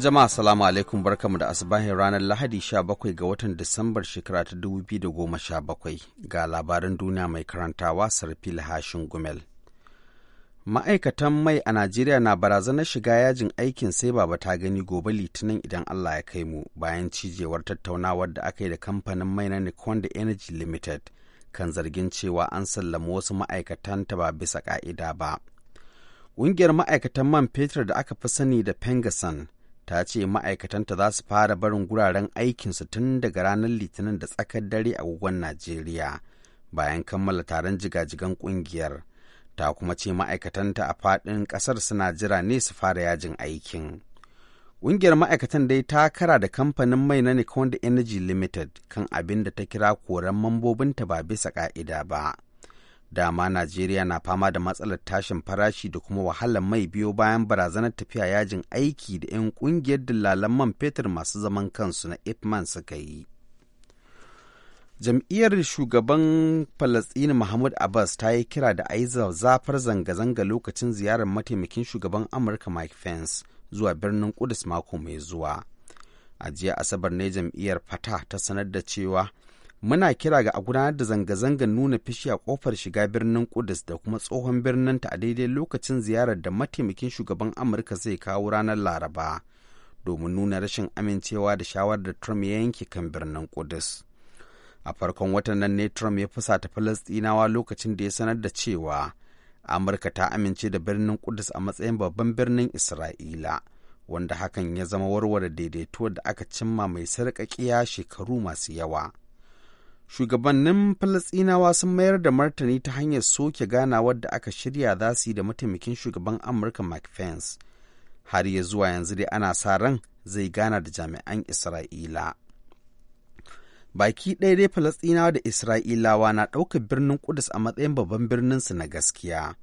Jama'a salamu alaikum barkamu da asubahin ranar Lahadi 17 ga watan Disambar shekara ta 2017 ga labaran duniya mai karantawa Sarfil Hashin Gumel. Ma'aikatan mai a Najeriya na barazanar shiga yajin aikin sai baba ta gani gobe litinin idan Allah ya kai mu bayan cijewar tattaunawar da aka yi da kamfanin mai na da Energy Limited kan zargin cewa an sallama wasu ma'aikatan ta ba bisa ƙa'ida ba. Ƙungiyar ma'aikatan man fetur da aka fi sani da Pengasan ta ce ma'aikatanta za su fara barin guraren aikinsu tun daga ranar litinin da tsakar dare a gugun najeriya bayan kammala taron jigajigan kungiyar ta kuma ce ma'aikatanta a faɗin ƙasar suna jira ne su fara yajin aikin ƙungiyar ma'aikatan dai ta kara da kamfanin mai na da Energy Limited kan abin da ta kira koran mambobinta ba bisa ƙa'ida ba. dama najeriya na fama da matsalar tashin farashi da kuma wahalar mai biyo bayan barazanar tafiya yajin aiki da 'yan kungiyar dillalan man fetur masu zaman kansu na ipman suka yi jam'iyyar shugaban falasɗini mahmud abbas ta yi kira da ayi zafar zanga-zanga lokacin ziyarar mataimakin shugaban amurka mike pence zuwa birnin kudus mako mai zuwa a jiya asabar ne jam'iyyar fata ta sanar da cewa muna kira ga a gudanar da zanga-zangar nuna fishi a kofar shiga birnin Kudus da kuma tsohon birnin ta a daidai lokacin ziyarar da mataimakin shugaban Amurka zai kawo ranar Laraba domin nuna rashin amincewa da shawarar da Trump ya yanke kan birnin Kudus. A farkon watan nan ne Trump ya fusata Falastinawa lokacin da ya sanar da cewa Amurka ta amince da birnin Kudus a matsayin babban birnin Isra'ila. wanda hakan ya zama warware daidaito da aka cimma mai sarƙaƙiya shekaru masu yawa. shugabannin falasɗinawa sun mayar da martani ta hanyar soke ganawar da aka shirya za su yi da mataimakin shugaban amurka mike pence har ya zuwa yanzu dai ana sa ran zai gana da jami'an isra'ila baki ɗaya dai falasɗinawa da isra'ilawa na ɗaukar birnin kudus a matsayin babban birnin su na gaskiya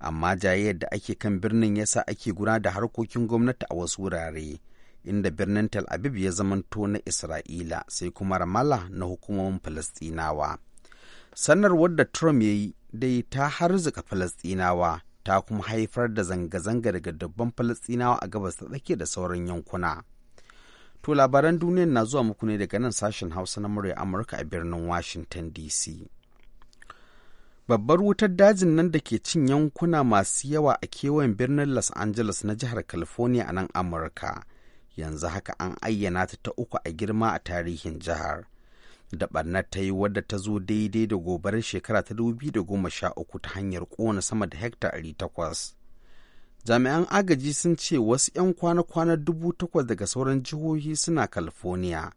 amma jayayyar da ake kan birnin yasa ake gudanar da harkokin gwamnati a wasu wurare. inda birnin Tel abib ya zamanto na Isra'ila sai kuma Ramallah na hukumomin Falastinawa. Sanarwar da Trump ya yi dai ta harzuka Falastinawa ta kuma haifar da zanga-zanga daga dubban Falastinawa a gabas ta tsakiya da sauran yankuna. To labaran duniyar na zuwa muku ne daga nan sashen Hausa na murya Amurka a birnin Washington DC. Babbar wutar dajin nan da ke cin yankuna masu yawa a kewayen birnin Los Angeles na jihar California a nan Amurka. yanzu haka an ayyana ta ta uku a girma a tarihin jihar da barnar ta yi wadda ta zo daidai da gobarar shekara ta sha uku ta hanyar kona sama da hekta 800 jami'an agaji sun ce wasu 'yan kwana-kwana dubu takwas daga sauran jihohi suna california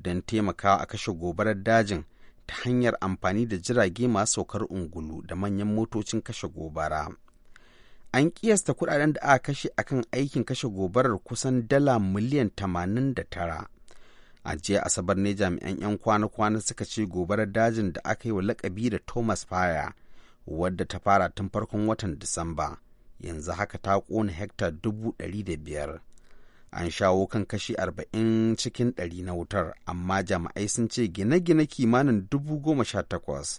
don taimakawa a kashe gobarar dajin ta hanyar amfani da jirage masu saukar ungulu da manyan motocin kashe gobara. an kiyasta kudaden da aka kashe akan aikin kashe gobarar kusan dala miliyan tamanin da tara a jiya asabar ne jami'an 'yan kwana-kwana suka ce gobarar dajin da aka yi wa lakabi da thomas fire wadda ta fara tun farkon watan disamba yanzu haka ta kona hekta dubu ɗari da biyar an shawo kan kashi arba'in cikin ɗari na wutar amma jami'ai sun ce gine-gine kimanin dubu goma sha takwas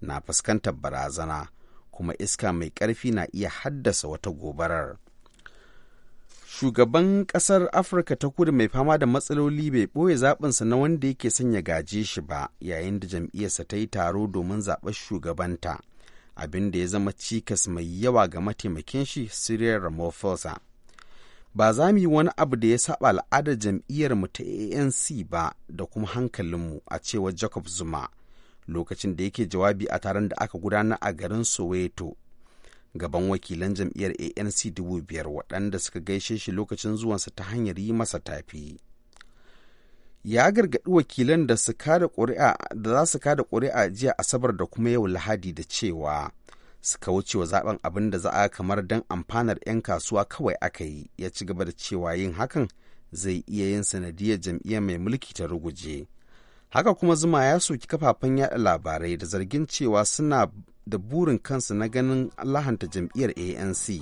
na fuskantar barazana kuma iska mai ƙarfi na iya haddasa wata gobarar. Shugaban ƙasar Afirka ta kudu mai fama da matsaloli bai ɓoye zaɓinsa na wanda yake sanya gaje shi ba yayin da jam'iyyarsa ta yi taro domin zaɓar shugabanta, abin da ya zama cikas mai yawa ga mataimakin shi Cyril Ramaphosa. Ba za mu yi wani abu da ya saba al'adar jam'iyyarmu ta ANC ba da kuma hankalinmu a cewar Jacob Zuma. lokacin da yake jawabi a taron da aka gudana a garin soweto gaban wakilan jam'iyyar anc dubu biyar waɗanda suka gaishe shi lokacin zuwansa ta hanyar yi masa tafi ya gargaɗi wakilan da za su kada ƙuri'a jiya asabar da kuma yau lahadi da cewa suka wuce wa zaben abin da za a kamar don amfanar 'yan kasuwa kawai aka yi ya ci gaba da cewa yin hakan zai iya yin sanadiyar jam'iyyar mai mulki ta ruguje haka kuma zuma ya soki kafafen yada labarai da zargin cewa suna da burin kansu na ganin lahanta jam'iyyar anc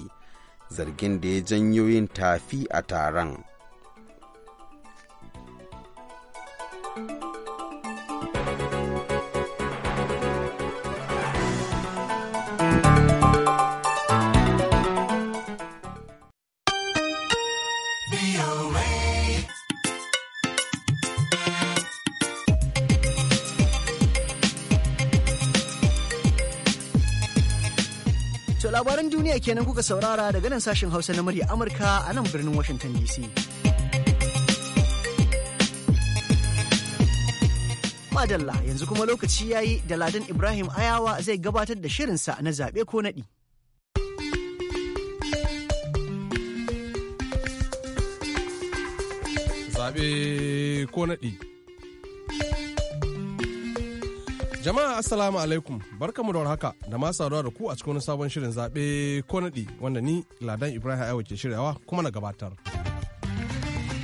zargin da ya janyo yin tafi a taron duniya kenan kuka saurara daga nan sashen hausa na murya amurka a nan birnin washington dc madalla yanzu kuma lokaci ya yi da ladan ibrahim ayawa zai gabatar da shirinsa na zaɓe ko naɗi zaɓe ko naɗi Jama'a Assalamu alaikum barkamu da haka da ma saduwa da ku a cikin wani sabon shirin zaɓe ko naɗi wanda ni Ladan Ibrahim Aiwa ke shiryawa kuma na gabatar.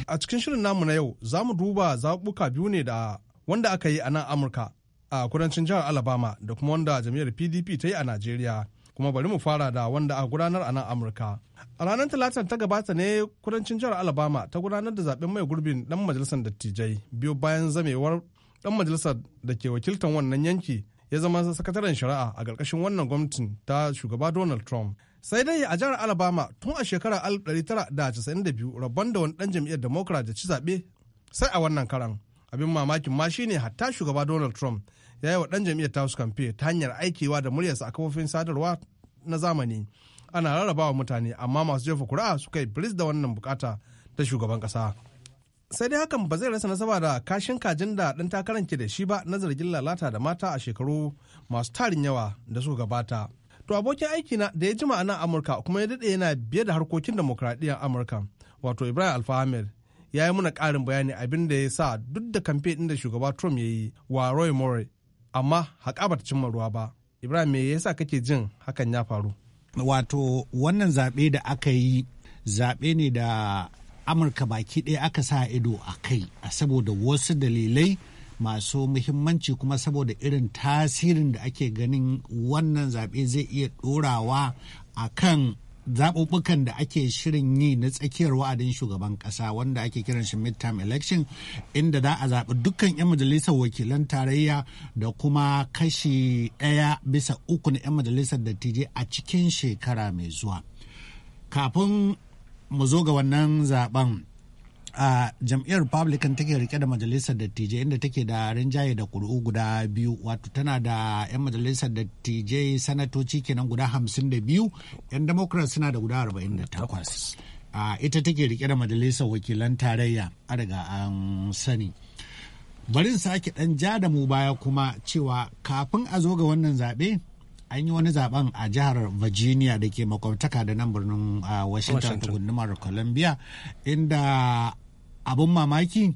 A cikin shirin namu na yau za mu duba zaɓuɓɓuka biyu ne da wanda aka yi a nan Amurka a kudancin jihar Alabama da kuma wanda jam'iyyar PDP ta yi a Najeriya. Kuma bari mu fara da wanda a gudanar a nan Amurka. A ranar Talata ta gabata ne kudancin jihar Alabama ta gudanar da zaɓen mai gurbin ɗan majalisar dattijai biyu bayan zamewar dan majalisar da ke wakiltar wannan yanki ya zama sakataren shari'a a karkashin wannan gwamnatin ta shugaba donald trump sai dai a jihar alabama tun a shekarar 1992 rabon da wani dan jam'iyyar democrat da ci zaɓe sai a wannan karan abin mamakin ma shine hatta shugaba donald trump ya yi wa dan jam'iyyar ta kamfe ta hanyar aikewa da muryarsa a kafofin sadarwa na zamani ana rarrabawa mutane amma masu jefa kuri'a suka yi da wannan bukata ta shugaban ƙasa. sai dai hakan ba zai rasa nasaba da kashin kajin da ɗan takarar ke da shi ba na zargin lalata da mata a shekaru masu tarin yawa da suka gabata. To abokin aikina da ya jima a Amurka kuma ya daɗe yana biye da harkokin demokradiyyar Amurka wato Ibrahim Alfahamed ya yi muna ƙarin bayani abin da ya sa duk da kamfe ɗin da shugaba Trump ya yi wa Roy Moore amma haƙa ba ta cimma ruwa ba. Ibrahim me yasa kake jin hakan ya faru? Wato wannan zaɓe da aka yi zaɓe ne da amurka baki ɗaya aka sa ido a kai saboda wasu dalilai masu muhimmanci kuma saboda irin tasirin da ake ganin wannan zaɓe zai iya ɗorawa a kan zaɓuɓɓukan da ake shirin yi na tsakiyar wa'adin shugaban ƙasa wanda ake kiran shi midterm election inda za a zaɓi dukkan 'yan majalisar wakilan tarayya da kuma kashi ɗaya bisa uku na 'yan majalisar dattijai a cikin shekara mai zuwa. kafin mu zo ga wannan zaben a jam'iyyar republican take rike da majalisar dattijai inda take da rinjaye da kuri'u guda biyu wato tana da 'yan majalisar dattijai sanatoci kenan guda 52 'yan democrats suna da guda 48 a ita take rike da majalisar wakilan tarayya a daga an sani Barin sake dan ja da mu baya kuma cewa kafin a zo ga wannan zaɓe an yi wani zaben a jihar virginia da ke makwabtaka da nan birnin washington gundumar columbia inda abin mamaki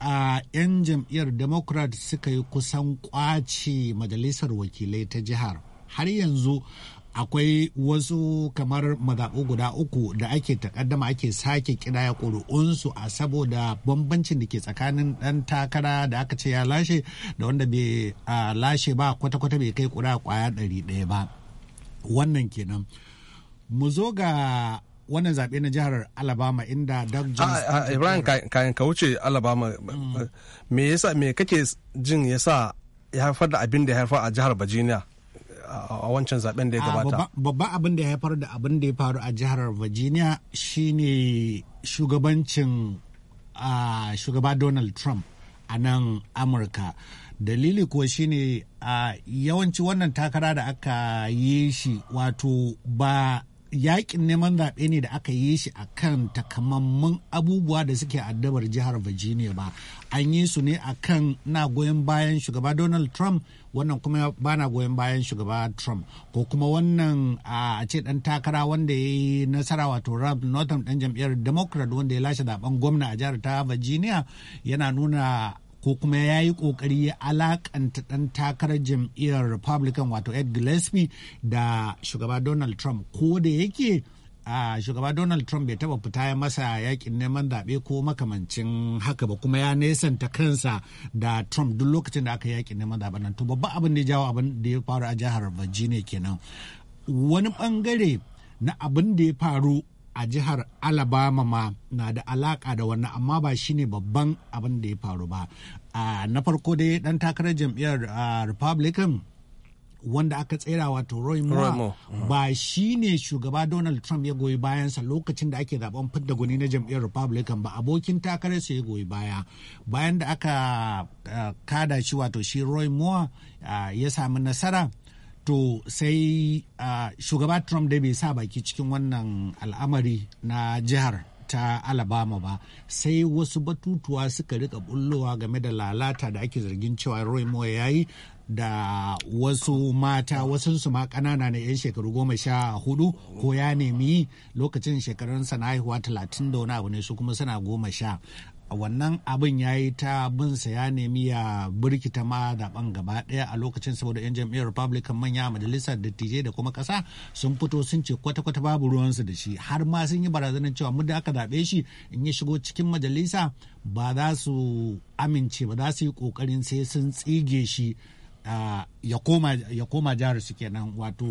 a 'yan jam'iyyar democrat suka yi kusan kwace majalisar wakilai ta jihar har yanzu akwai wasu kamar mazaɓu guda uku da ake takaddama ake sake ya ƙuri'unsu a saboda bambancin da ke tsakanin ɗan takara da aka ce ya lashe da wanda bai lashe ba kwata-kwata bai kai a ƙwaya ɗari ɗaya ba wannan kenan mu zo ga wannan zaɓe na jihar alabama inda doug jones ah, ah, ibrahim kayan ka wuce alabama mm. me yasa me kake jin yasa ya haifar da abin da ya haifar a jihar virginia a wancan zaben da ya gabata babban abin da ya haifar da abin da ya faru a jihar virginia shine shugabancin shugaba donald trump a nan amurka dalili kuwa shine ne yawanci wannan takara da aka yi shi wato ba yakin neman zaɓe ne da aka yi shi a kan takamammun abubuwa da suke addabar jihar virginia ba an yi su ne a kan na goyon bayan shugaba donald trump wannan kuma ba na goyon bayan shugaba trump ko kuma wannan a ce dan takara wanda ya yi nasara wato ralph northam dan jam'iyyar democrat wanda ya lashe zaben gwamna a jihar ta virginia yana nuna ko kuma ya yi kokari ya alakanta dan takarar jam'iyyar republican wato ed gillespie da shugaba donald trump ko da yake a shugaba donald trump bai taba fita ya masa yakin neman zaɓe ko makamancin haka ba kuma ya nesanta kansa da trump duk lokacin da aka yakin neman zaɓe nan to babban abin da ya jawo abin da ya faru a jihar virginia kenan wani bangare na abin da ya faru a jihar alabama ma na da alaka da wannan amma ba shine babban abin da ya faru ba na farko dai dan takarar jam'iyyar republican wanda aka tsera wato Roy Moore mm. ba shi ne shugaba Donald Trump ya goyi bayansa lokacin da ake zaben fidda guni na jam'iyyar Republican ba abokin takararsa ya goyi baya bayan da aka uh, kada shi wato shi Roy Moore uh, ya sami nasara to sai uh, shugaba Trump da bai sa baki cikin wannan al'amari na jihar ta alabama ba sai wasu batutuwa suka rika bullowa game da lalata da ake zargin cewa roy moore ya yi da wasu mata wasunsu ma ƙanana na 'yan shekaru goma sha hudu ko ya nemi lokacin shekarunsa na haihuwa talatin da wani abu ne su kuma suna goma sha wannan abin ya yi ta binsa ya nemi ya birkita ma zaben gaba daya a lokacin saboda yan jam'iyyar republican manya majalisar dattijai da kuma kasa sun fito sun ce kwata-kwata babu ruwansu da shi har ma sun yi barazanar cewa muda aka zaɓe shi in ya shigo cikin majalisa ba za su amince ba za su yi kokarin sai sun tsige shi ya koma jihar su kenan wato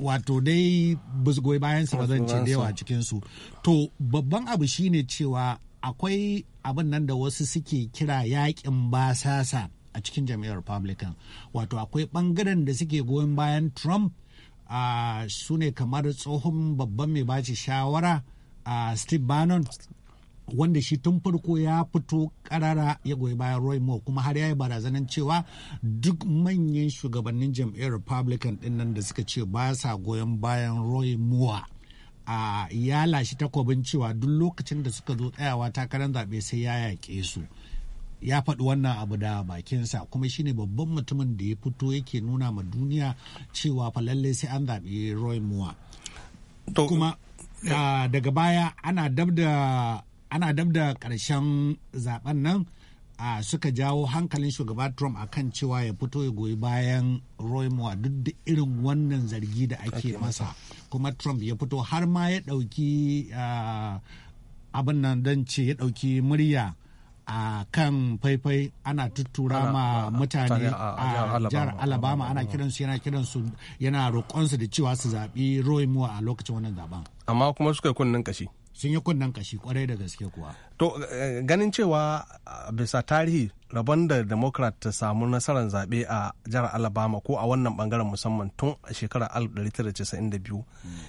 wato dai busgoyi bayan su ba zan ce da yawa cikin su to babban abu shine cewa akwai abin nan da wasu suke kira yakin basasa a cikin jam'iyyar republican wato akwai bangaren da suke goyon bayan trump a su ne kamar tsohon babban mai baci shawara a steve bannon wanda shi tun farko ya fito karara ya goyi bayan roy moore kuma har ya yi barazanin cewa duk manyan shugabannin jam'iyyar republican din nan da suka ce ba sa goyon bayan roy moore a ya lashi takobin cewa duk lokacin da suka zo tsayawa takarar zaɓe sai ya yaƙe su ya faɗi wannan abu da bakinsa kuma shine babban mutumin da ya fito yake nuna ma duniya cewa fa lallai sai an zaɓi roy moore kuma daga baya ana dab da karshen ƙarshen zaben nan a suka jawo hankalin shugaba trump akan cewa ya fito ya goyi bayan roy duk da irin wannan zargi da ake masa kuma trump ya fito har ma ya ɗauki abin nan don ce ya ɗauki murya a kan faifai ana tuttura ma mutane a jihar alabama ana kiransu yana kiransu yana roƙonsu da cewa su zaɓi roy moore a lokacin wannan zaben amma kuma suka yi kunnen kashi sun yi kunnen kashi kwarai da gaske kuwa. To eh, ganin cewa ah, bisa tarihi rabon da Democrat ta samu nasarar zaɓe a jihar Alabama ko a wannan bangaren musamman tun a shekarar 1992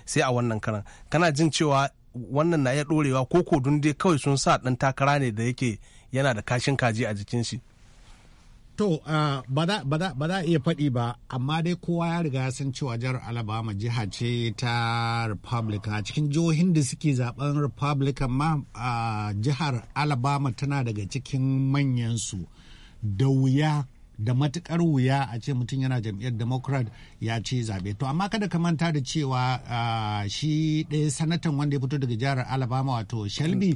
sai a wannan karan. Kana jin cewa wannan na iya ɗorewa ko ko dai kawai sun sa ɗan takara ne da yake yana da kashin kaji a jikin shi. To, uh, ba za iya faɗi ba, amma dai kowa ya riga ya san cewa jihar Alabama jiha ce ta Republican. a Cikin jihohin da suke zaben Republican ma uh, jihar Alabama tana daga cikin manyansu da wuya da matukar wuya a ce mutum yana jam'iyyar democrat ya ce zaɓe to amma kada ka manta da cewa uh, shi ɗaya sanatan wanda ya fito daga jihar alabama wato shelby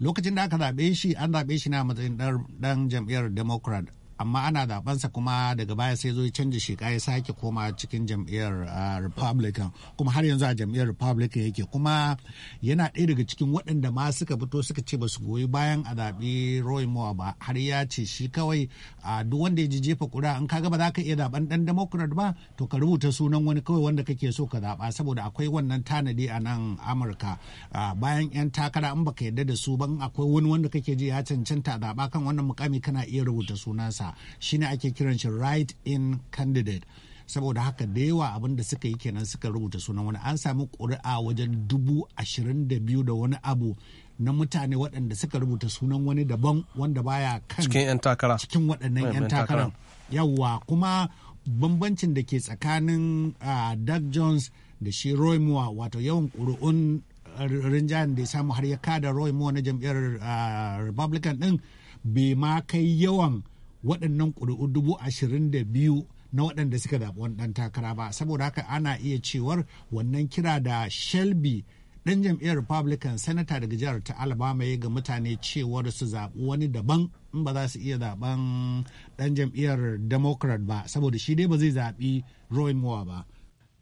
lokacin da aka zaɓe shi an zaɓe shi na matsayin ɗan jam'iyyar democrat amma ana zabansa kuma daga baya sai zo canza sheka ya sake koma cikin jam'iyyar ah, republican kuma har yanzu a jam'iyyar republican yake kuma yana ɗaya daga cikin waɗanda ma suka fito suka ce ba su goyi bayan a zaɓi roy moore ba har ya ce shi kawai a ah, duk wanda ya ji jefa kura in kaga ba za ka iya zaɓen ɗan democrat ba to ka rubuta sunan wani kawai wanda kake so ka zaɓa saboda akwai wannan tanadi a nan amurka ah, bayan 'yan takara in baka yarda da su ban akwai wani wanda kake ji ya cancanta zaɓa kan wannan mukami kana iya rubuta sunansa shi shine ake kiran shi right in candidate saboda haka da yawa abin da suka yi kenan suka rubuta sunan wani an samu ƙuri'a wajen dubu ashirin da biyu da wani abu na mutane waɗanda suka rubuta sunan wani daban wanda baya kan cikin 'yan takara waɗannan 'yan takara. yawwa kuma bambancin da ke tsakanin Doug Jones da shi Roy Moore wato yawan ƙuri'un rinjayen da ya samu har ya kada Roy Moore na jam'iyyar Republican ɗin bai ma kai yawan waɗannan ƙuri'u dubu ashirin da biyu na waɗanda suka zaɓi wani ɗan takara ba saboda haka ana iya cewar wannan kira da shelby ɗan jam'iyyar republican sanata daga jihar ta alabama ya ga mutane cewar su zaɓi wani daban in ba za su iya zaɓen ɗan jam'iyyar democrat ba saboda shi dai ba zai zaɓi roy moore ba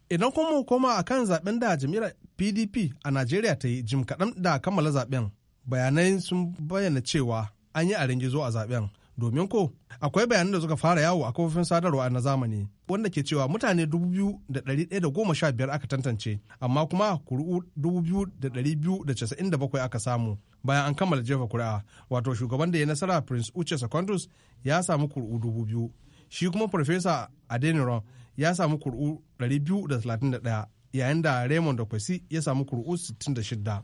idan kuma hukuma a kan zaɓen da jam'iyyar pdp a najeriya ta yi jim kaɗan da kammala zaɓen bayanai sun bayyana cewa an yi a gizo a zaɓen domin ko akwai bayanan da suka fara yawo a kafofin sadarwa na zamani wanda ke cewa mutane 2,115 aka tantance amma kuma kuri'u 2,297 aka samu bayan an kammala jefa kuri'a wato shugaban da ya nasara prince uche secondus ya samu kuri'u 2,000 shi kuma farfesa adeniran ya samu kuri'u 231 yayin da raymond da kwasi ya samu kuri'u 66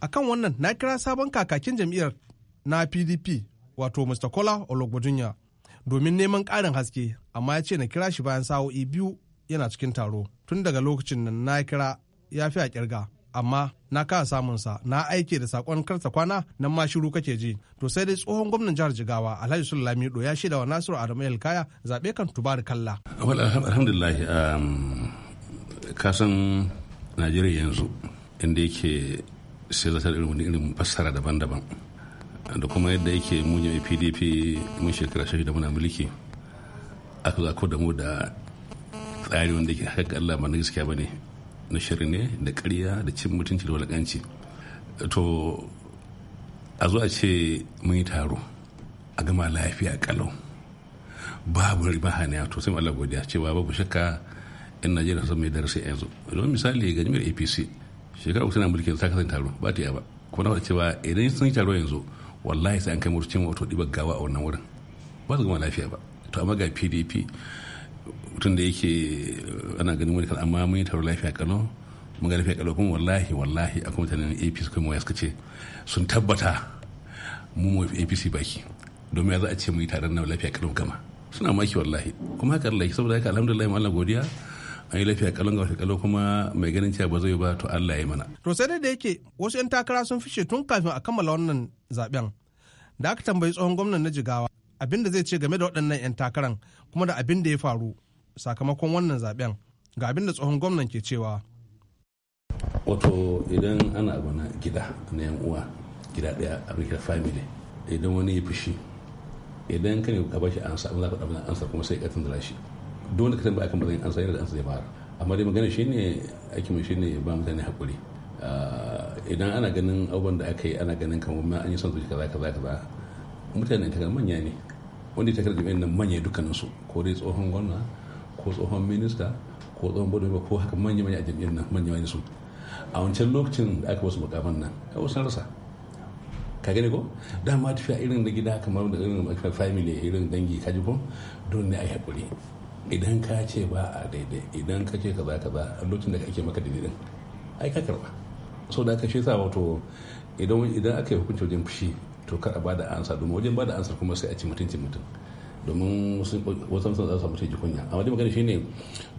akan wannan na kira sabon kakakin jam'iyyar na pdp wato Mr. Kola Ologbodunya domin neman ƙarin haske amma ya ce na kira shi bayan sa'o'i biyu yana cikin taro tun daga lokacin nan na kira ya fi a kirga amma na samun sa na aike da sakon karta kwana nan ma shiru kake ji to sai dai tsohon gwamnan jihar jigawa alhaji sulami do ya shaida wa nasiru adamu elkaya zabe kan tubari kalla alhamdulillah um, kasan najeriya yanzu inda yake sai zata irin wani irin fassara daban-daban da kuma yadda yake mun mai pdp mun shekara shafi da muna mulki aka zako da mu da tsari wanda ke haka Allah ba na gaskiya ba ne na shirin ne da ƙarya da cin mutunci da walakanci to a zuwa ce mun yi taro a gama lafiya kalau babu riba hanya to sai Allah godiya cewa babu shakka in Najeriya sun mai darasi yanzu don misali ga jami'ar APC shekara uku tana mulkin ta kasance taro ba ta yaba kuma na cewa idan sun yi taro yanzu wallahi sai an kai murcin wato ɗibar gawa a wannan wurin ba su gama lafiya ba to amma ga pdp mutum da yake eh, ana ganin wani kan amma mun yi taron lafiya kano mun ga lafiya kano kuma wallahi wallahi akwai mutanen apc kuma mu suka ce sun tabbata mu mu apc baki domin ya za a ce mu yi taron na lafiya kano gama suna maki wallahi kuma haka lafiya saboda haka alhamdulillah mu Allah godiya an yi lafiya kalon ga kalau kuma mai ganin cewa ba zai ba to Allah ya mana. To sai dai da yake wasu 'yan takara sun fice tun kafin a kammala wannan zaben. Da aka tambayi tsohon gwamnan na Jigawa abin da zai ce game da waɗannan 'yan takaran kuma da abin da ya faru sakamakon wannan zaben ga abin da tsohon gwamnan ke cewa. Wato idan ana abu na gida na 'yan uwa gida ɗaya a kira family idan wani ya fushi idan ka ne ka bashi ansa an za ka ɗabi ansa kuma sai ka tundura shi. dole ka tambaya bazan an ansa da an zai fara amma dai magana shine aikin mu shine ba mutane hakuri ah, idan ana ganin abubuwan da aka yi ana ganin kamar ma an yi son zuciya kaza kaza kaza mutane ta manya ne wanda ta karɓi wannan manya dukkanin su ko dai tsohon gwamna ko tsohon minista ko tsohon bodo ko haka manya manya a jami'in nan manya manya su a wancan lokacin da aka wasu mukaman nan a wasu rasa ka gani ko dama tafiya irin na gida kamar da irin family irin dangi ka ji ko don ne a yi haƙuri idan ka ce ba a daidai idan ka ce kaza kaza a lokacin da ake maka daidai ai ka karba so da aka shi sa wato idan idan aka yi hukunci wajen fushi to kar a bada ansa domin wajen bada ansa kuma sai a ci mutunci mutum domin wasu mutum za su samu sai amma dai magana shine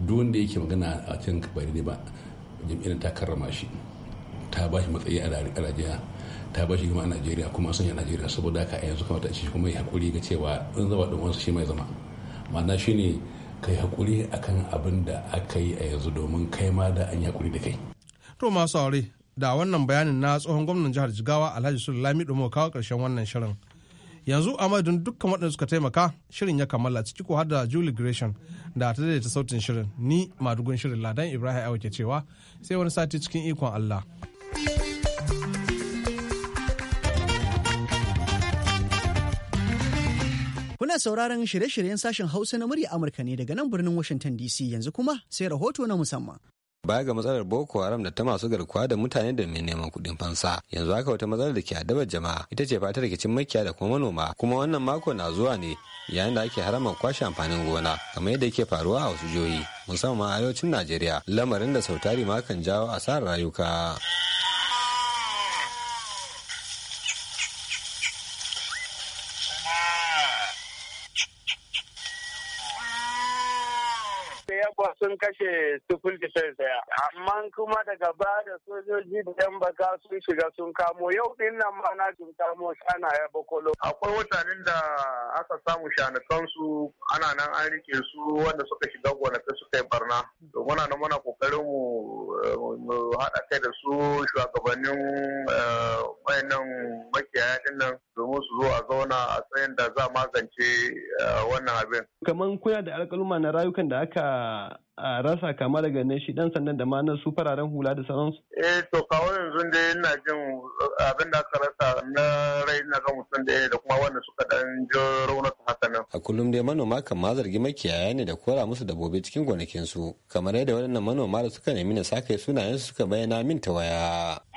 duk wanda yake magana a cikin kabari ne ba jam'iyyar ta karrama shi ta ba shi matsayi a rajiya ta bashi girma a najeriya kuma sun yi najeriya saboda haka a yanzu kamata a ci kuma ya haƙuri ga cewa in zama ɗan wasu shi mai zama ma'ana shine kai hakuri a kan abin da aka yi a yanzu domin kai ma da an yi hakuri da kai. To masu aure da wannan bayanin na tsohon gwamnan jihar Jigawa Alhaji Lami Dumo kawo karshen wannan shirin. Yanzu a madadin dukkan waɗanda suka taimaka shirin ya kammala ciki ko har da Julie Gresham da ta daidaita sautin shirin ni madugun shirin Ladan Ibrahim Awa ke cewa sai wani sati cikin ikon Allah. thank you Kuna sauraron shirye-shiryen sashen Hausa na murya Amurka ne daga nan birnin Washington DC yanzu kuma sai rahoto na musamman. Baya ga matsalar Boko Haram da ta masu garkuwa da mutane da mai neman kuɗin fansa, yanzu haka wata matsalar da ke adabar jama'a ita ce fatar rikicin makiya da kuma manoma, kuma wannan mako na zuwa ne yayin da ake haraman kwashe amfanin gona kamar yadda yake faruwa a wasu jihohi musamman a arewacin Najeriya, lamarin da sautari ma kan jawo asarar rayuka. kashe da defense daya amma kuma daga bada da sojoji da yan baka sun shiga sun kamo yau din nan ma na sun kamo shana ya bakolo akwai mutanen da aka samu shanukansu, ana nan an rike su wanda suka shiga gonaki suka yi barna to muna nan muna kokarin mu haɗa kai da su shugabannin eh, wayannan makiyaya din nan domin su zo a zauna a tsayin da za magance eh, wannan abin kaman kuna da alƙaluma na rayukan da aka a rasa kama daga ne shi dan sannan da ma na su fararen hula da sauransu? Eh to kawo yanzu dai ina jin abin da aka rasa na rai na ga mutum da da kuma wanda suka dan ji raunata haka nan. A kullum dai manoma kan ma zargi makiyaya ne da kora musu dabbobi cikin gonakin su kamar yadda waɗannan manoma da suka nemi na sakai sunayen su suka bayyana min ta waya.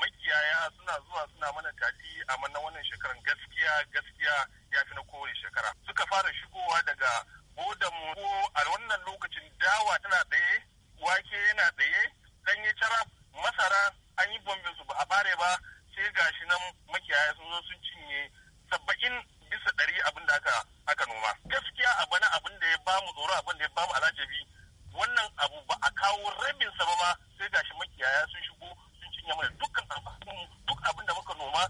Makiyaya suna zuwa suna mana tafi a na wannan shekaran gaskiya gaskiya ya fi na kowace shekara. Suka fara shigowa daga ko da mu a wannan lokacin dawa tana tsaye wake yana tsaye ɗanye cara masara an yi bombin su ba a bare ba sai gashi nan makiyaya sun zo sun cinye saba'in bisa ɗari abin da aka aka noma gaskiya a bana abin da ya bamu tsoro abin da ya bamu alajabi wannan abu ba a kawo rabin sa ba ma sai gashi makiyaya sun shigo sun cinye mana dukkan duk abin da muka noma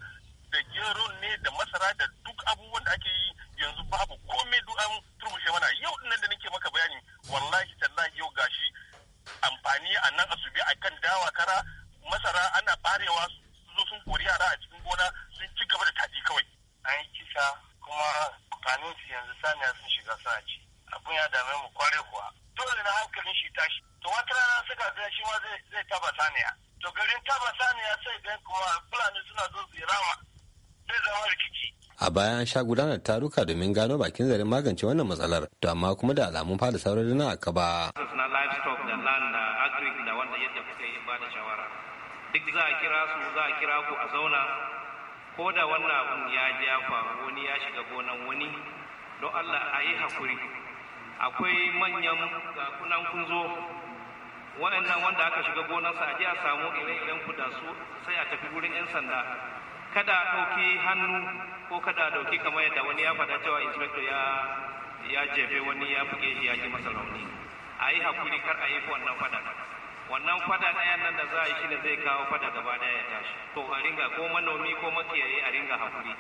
da gero ne da masara da duk abubuwan da ake yi yanzu babu komai duk an turmushe mana yau dinnan da nake maka bayani wallahi tallahi yau gashi amfani a nan asubi a kan dawa kara masara ana barewa zo sun kori yara a cikin gona sun ci gaba da taji kawai an yi kisa kuma amfanin su yanzu saniya sun shiga suna ci abun ya dame mu kware kuwa dole na hankalin shi tashi to wata rana suka ga shi ma zai taba saniya to garin taba saniya sai dan kuma fulani suna zo su rama zai zama rikici a baya an sha gudanar taruka domin gano bakin zarin magance wannan matsalar to amma kuma da alamun fada sauran na aka ba na livestock da land da da wanda yadda shawara duk za a kira su za a kira ku a zauna ko da wannan abun ya ja faru wani ya shiga gonan wani don allah a yi hakuri akwai manyan kunan kun zo wa'annan wanda aka shiga gonarsa a je a samu ire-iren ku da su sai a tafi wurin 'yan sanda kada a ɗauki hannu ko kada a ɗauki kamar yadda wani ya faɗa cewa inspector ya ya jefe wani ya buge shi ya ji masa rauni a yi hakuri kar a yi wannan fada wannan fada ɗayan nan da za a yi shi ne zai kawo fada gaba ɗaya ya tashi to a ringa ko manomi ko makiyayi a ringa hakuri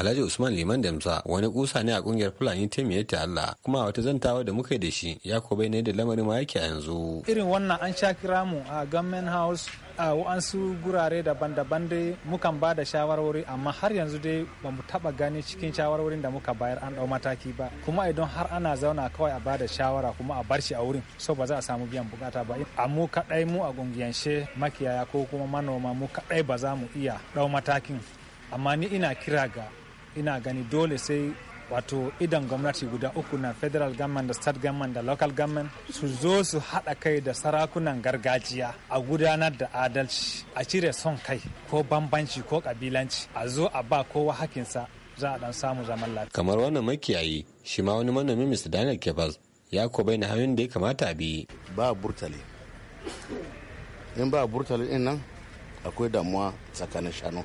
Alhaji Usman Liman Damsa wani kusa ne a kungiyar Fulani ta ta Allah kuma wata zantawa da muka yi da shi ya ko bai ne da lamarin ma yake yanzu. Irin wannan an sha kira mu a Government House a wa'ansu gurare daban-daban dai mukan ba da shawarwari amma har yanzu dai ba mu taba gani cikin shawarwarin da muka bayar an dau mataki ba kuma idan har ana zauna kawai a ba da shawara kuma a bar shi a wurin so ba za a samu biyan bukata ba a mu kadai mu a gungiyanshe makiyaya ko kuma manoma mu kadai ba za mu iya dau matakin amma ni ina kira ga ina gani dole sai wato idan gwamnati guda uku na federal government da state government da local government su zo su haɗa kai da sarakunan gargajiya a gudanar da adalci a cire son kai ko bambanci ko kabilanci a zo a ba kowa hakinsa za a dan samu zaman lafiya. kamar wannan makiyayi shi ma wani manomi mr daniel kebaz ya ko na hanyoyin da ya kamata a bi. ba burtali in ba burtali din nan akwai damuwa tsakanin shanu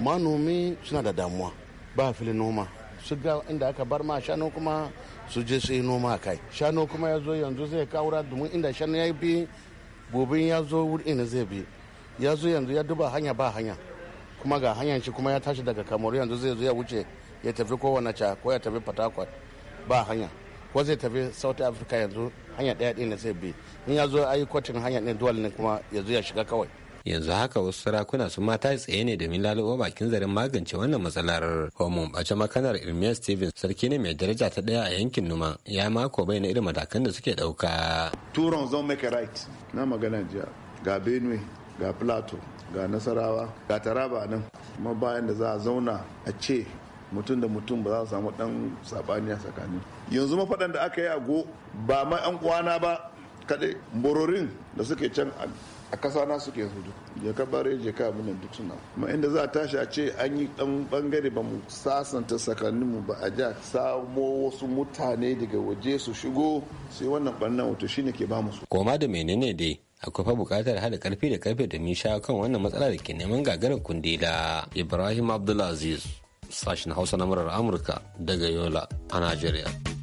manomi suna da damuwa ba filin noma su ga inda aka bar ma shanu kuma su je su yi noma kai shanu kuma ya zo yanzu zai kawura domin inda shanu ya bi bobin ya zo wuri ne zai bi ya zo yanzu ya duba hanya ba hanya kuma ga hanyar shi kuma ya tashi daga kamar yanzu zai zo ya wuce ya tafi kowane ca ko ya tafi patakwal ba hanya ko zai tafi south africa yanzu hanya ɗaya ne zai bi in ya zo ayi kwatin hanya ne dole ne kuma ya zo ya shiga kawai yanzu haka wasu sarakuna sun mata tsaye ne domin lalubo bakin zarin magance wannan matsalar homon bace makanar irmiya stevens sarki ne mai daraja ta daya a yankin numa ya mako bai na irin matakan da suke dauka turon wrongs make right na magana jiya ga benue ga plateau ga nasarawa ga taraba nan kuma bayan da za a zauna a ce mutum da mutum ba za su samu dan sabani a tsakanin yanzu mafaɗan da aka yi a go ba ma 'yan kwana ba kaɗai mbororin da suke can a kasa na suke hudu jaka bare jaka abin duk suna kuma inda za a tashi a ce an yi dan bangare ba mu sasanta sakanin mu ba a ja samo wasu mutane daga waje su shigo sai wannan barnan wato shine ke ba su. koma da menene dai akwai fa bukatar hada karfi da karfe da misha kan wannan matsala da ke neman gagarin kundila ibrahim abdulaziz sashin hausa na murar amurka daga yola a najeriya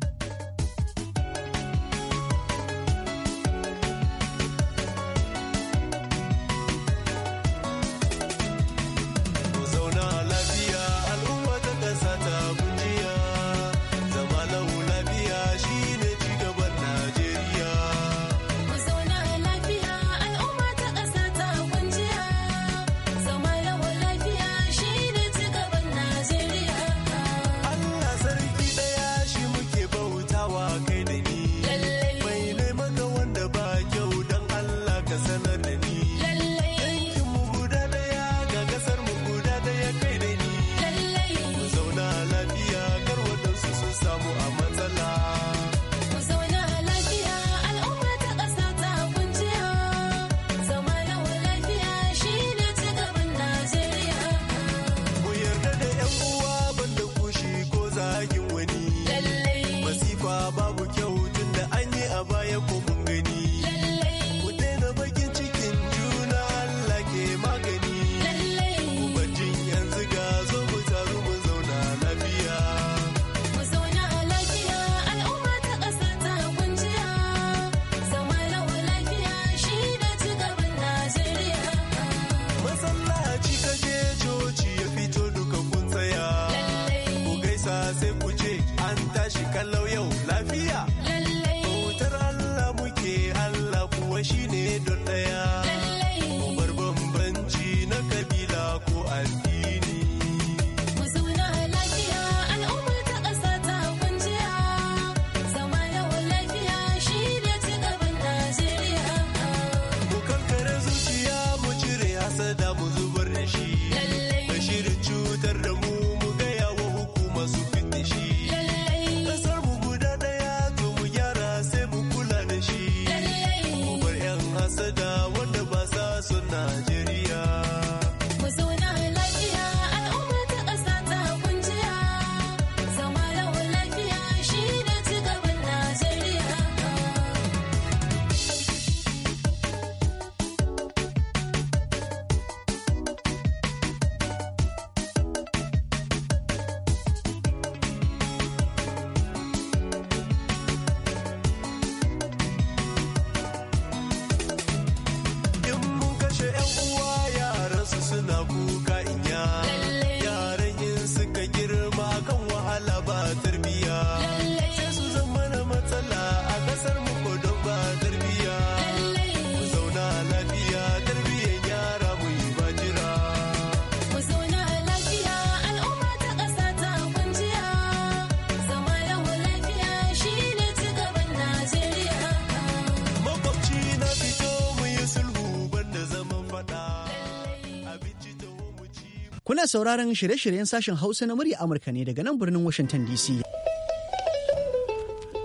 sauraron shirye-shiryen sashen Hausa na murya Amurka ne daga nan birnin Washington DC.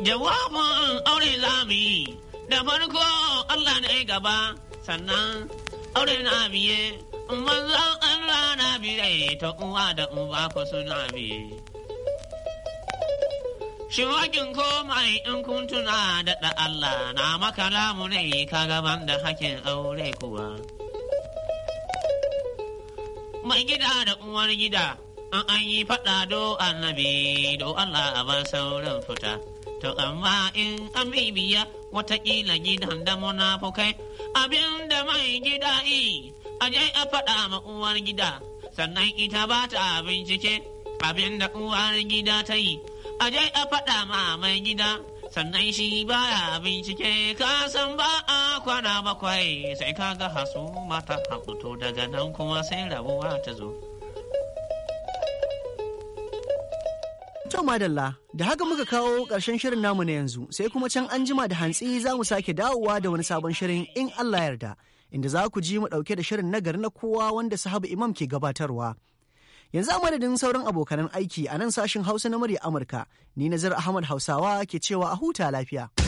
Jawabin aure lami da farko Allah na gaba sannan aure na biye mazan an rana biye ta uwa da uba ko suna biye. Shiwakin komai in kun tuna daɗa Allah na mu ne ka gaban da hakin aure kuwa. mai gida da uwar gida an an yi faɗa do annabi do Allah a bar sauran fita to amma in an bibiya watakila gidan da munafukai abin da mai gida yi a je a faɗa ma uwar gida sannan ita ba ta bincike abin da uwar gida ta yi a je a faɗa ma mai gida sannan shi baya bincike ka san ba a kwana bakwai sai ka ga hasu mata hakuto daga nan kuma sai rabuwa ta zo. To madalla da haka muka kawo ƙarshen shirin namu na yanzu sai kuma can an jima da hantsi za mu sake dawowa da wani sabon shirin in Allah yarda inda za ku ji mu ɗauke da shirin nagari na kowa wanda sahabu imam ke gabatarwa. Yanzu a madadin sauran abokanan aiki a nan sashen Hausa na murya Amurka, ni Nazar Ahmad Hausawa ke cewa a huta lafiya.